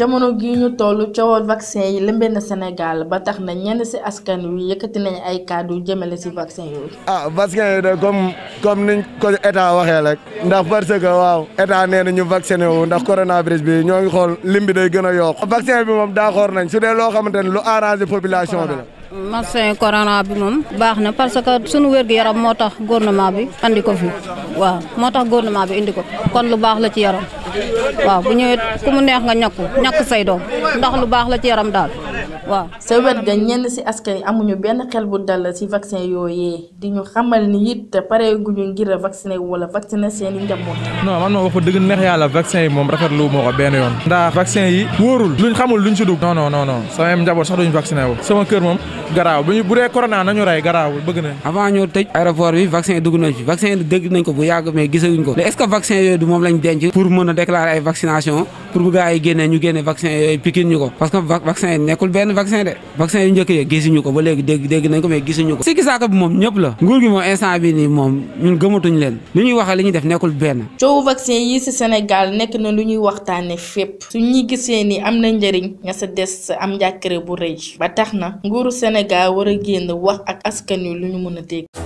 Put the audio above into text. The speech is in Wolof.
jamono gi ñu toll coowal vaccin yi lëmbee na Sénégal ba tax na ñenn ci askan wi yëkkati nañ ay kàddu jëmale si vaccin yooyu. ah vaccin yi de comme niñ ko état waxee rek ndax parce que waaw état nee na ñu vacciné wu ndax coronavirus bi ñoo ngi xool lim bi day gën a yokk vaccin bi moom d'accord nañ su dee loo xamante ne lu arrangé population bi la. vaccin corona bi moom baax na parce que sunu wér-gu-yaram moo tax gouvernement bi indi ko fi waaw moo tax gouvernement bi indi ko kon lu baax la ci yaram waaw bu ñëwee ku mu neex nga ñàkku ñakk say doom ndax lu baax la ci yaram daal waaw sa wet ga ñenn ci askan yi amuñu benn xel bu dal ci vaccin yooyee di ñu xamal ni it pare guñu ngir a vacciné wala vacciné seen i njaboot. non man ma wax ko dëgg neex yàlla vaccin yi moom rafetlu moo ko benn yoon. ndax vaccin yi wóorul luñ xamul luñ ci dugg. non non non non sama njaboot sax duñ vacciné wu. sama kër moom garaaw bu ñu bu dee corona nañu rey garaaw bëgg na. avant ñoo tëj aéroport bi vaccin dugg nañ fi vaccin lañ denc. pour mën a déclarer pour bu gars yi génnee ñu génne vaccin yooyu pikin ñu ko parce que vaccin yi nekkul benn vaccin de vaccin yu njëkk yi gisuñu ko ba léegi dégg dégg nañ ko mais gisuñu ko sikki saaka bi moom ñëpp la nguur gi moom instant bi nii moom ñun gëmatuñ leen li ñuy waxee li ñuy def nekkul benn coow vaccin yi ci Sénégal nekk na lu ñuy waxtaane fépp su ñuy gisee nii am na njariñ nga sa des am njàkkare bu rëy ba tax na nguuru senegal war a génn wax ak askan wi lu ñu mën a dégg